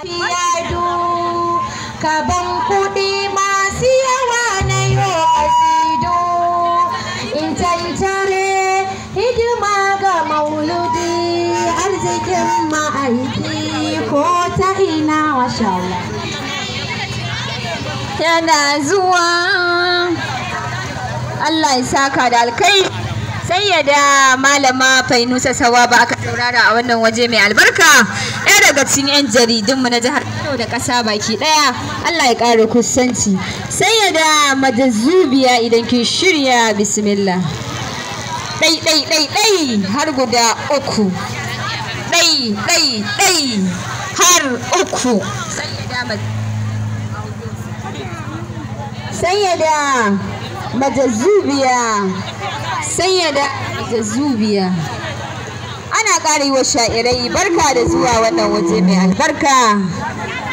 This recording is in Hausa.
Fiyadu ka kuɗi masu yawa na yo kasido in hidima ga mauludi arzikin ma'aiki ko ta ina wa shaula yana zuwa Allah ya saka da alkai sai ya da malama fainusa sawa ba aka saurara a wannan waje mai albarka daga cikin 'yan jaridunmu na jihar Kano da ƙasa baki ɗaya Allah ya ƙara kusanci sai ya da majazubiya idan kin shirya bismillah ɗai ɗai ɗai ɗai har guda uku ɗai ɗai ɗai har uku sai ya da majazubiya sai ya da majazubiya Ana ƙarewa sha'irai barka da zuwa wannan waje mai albarka